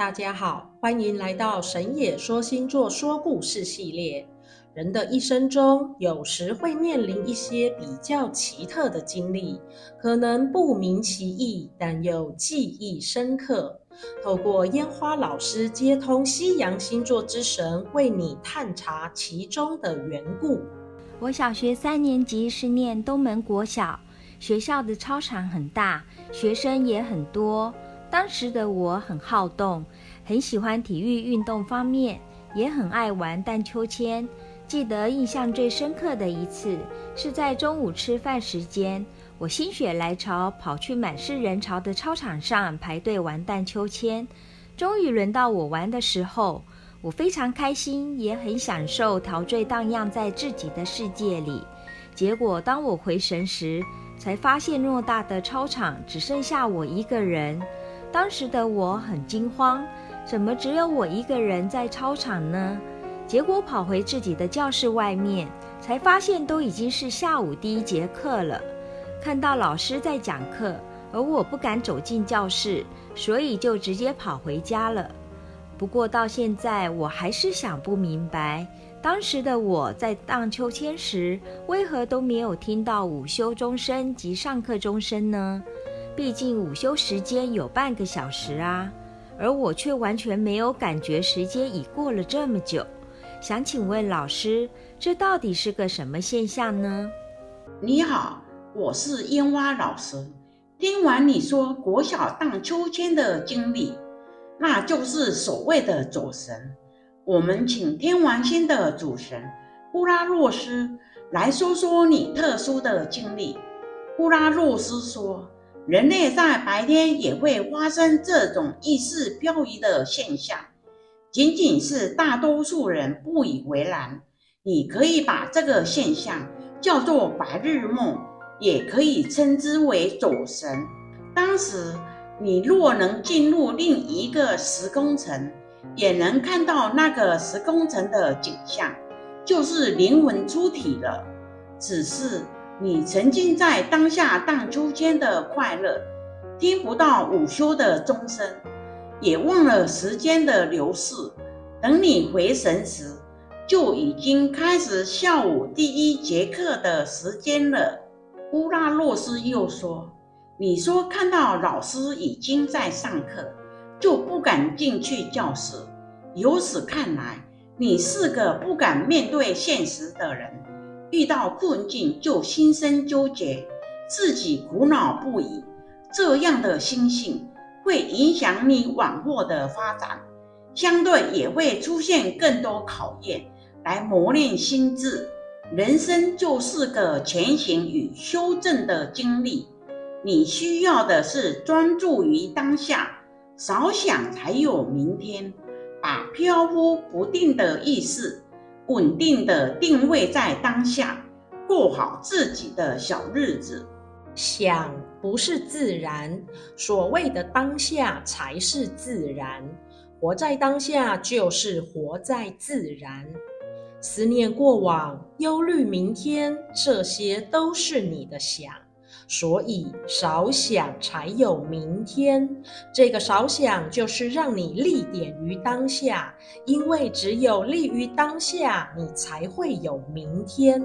大家好，歡迎來到神野說星座說故事系列。人的一生中，有時會面臨一些比較奇特的經歷，可能不明其意，但又記憶深刻。透過煙花老師接通西洋星座之神，為你探查其中的緣故。我小學三年級是念東門國小，學校的操場很大，學生也很多。當時的我很好動，很喜歡體育運動方面，也很愛玩盪秋千。記得印象最深刻的一次，是在中午吃飯時間，我心血來潮跑去滿是人潮的操場上排隊玩盪秋千。終於輪到我玩的時候，我非常開心，也很享受陶醉盪漾在自己的世界裡。結果當我回神時，才發現偌大的操場只剩下我一個人。當時的我很驚慌，怎麼只有我一個人在操場呢？結果跑回自己的教室外面，才發現都已經是下午第一節課了。看到老師在講課，而我不敢走進教室，所以就直接跑回家了。不過到現在，我還是想不明白，當時的我在荡秋千時，為何都沒有聽到午休鐘聲及上課鐘聲呢？畢竟午休時間有半個小時啊，而我卻完全沒有感覺時間已過了這麼久。想請問老師，這到底是個什麼現象呢？你好，我是煙花老師。聽完你說國小盪秋千的經歷，那就是所謂的走神。我們請天王星的主神烏拉諾斯來說說你特殊的經歷。烏拉諾斯說。人類在白天也會發生這種意識漂移的現象，僅僅是大多數人不以為然。你可以把這個現象叫做白日夢，也可以稱之為走神。當時你若能進入另一個時空層，也能看到那個時空層的景象，就是靈魂出體了。只是。你沉浸在當下盪秋千的快樂，聽不到午休的鐘聲，也忘了時間的流逝。等你回神時，就已經開始下午第一節課的時間了。烏拉洛斯又說：“你說看到老師已經在上課，就不敢進去教室。由此看來，你是個不敢面對現實的人。”遇到困境就心生糾結，自己苦惱不已，這樣的心性會影響你往後的發展，相對也會出現更多考驗來磨練心智。人生就是個前行與修正的經歷，你需要的是專注於當下，少想才有明天，把飄忽不定的意識。穩定的定位在當下，過好自己的小日子。想不是自然，所謂的當下才是自然，活在當下就是活在自然。思念過往，憂慮明天，這些都是你的想。所以少想才有明天。這個少想就是讓你立點於當下，因為只有立於當下，你才會有明天。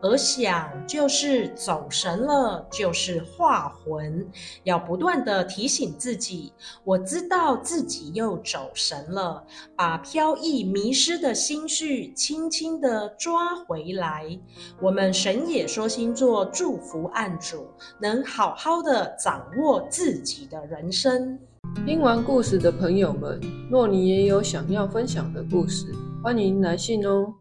而想就是走神了，就是化魂，要不斷的提醒自己，我知道自己又走神了，把飄逸迷失的心緒輕輕的抓回來。我們神野說星座祝福案主，能好好的掌握自己的人生。聽完故事的朋友們，若你也有想要分享的故事，歡迎來信哦。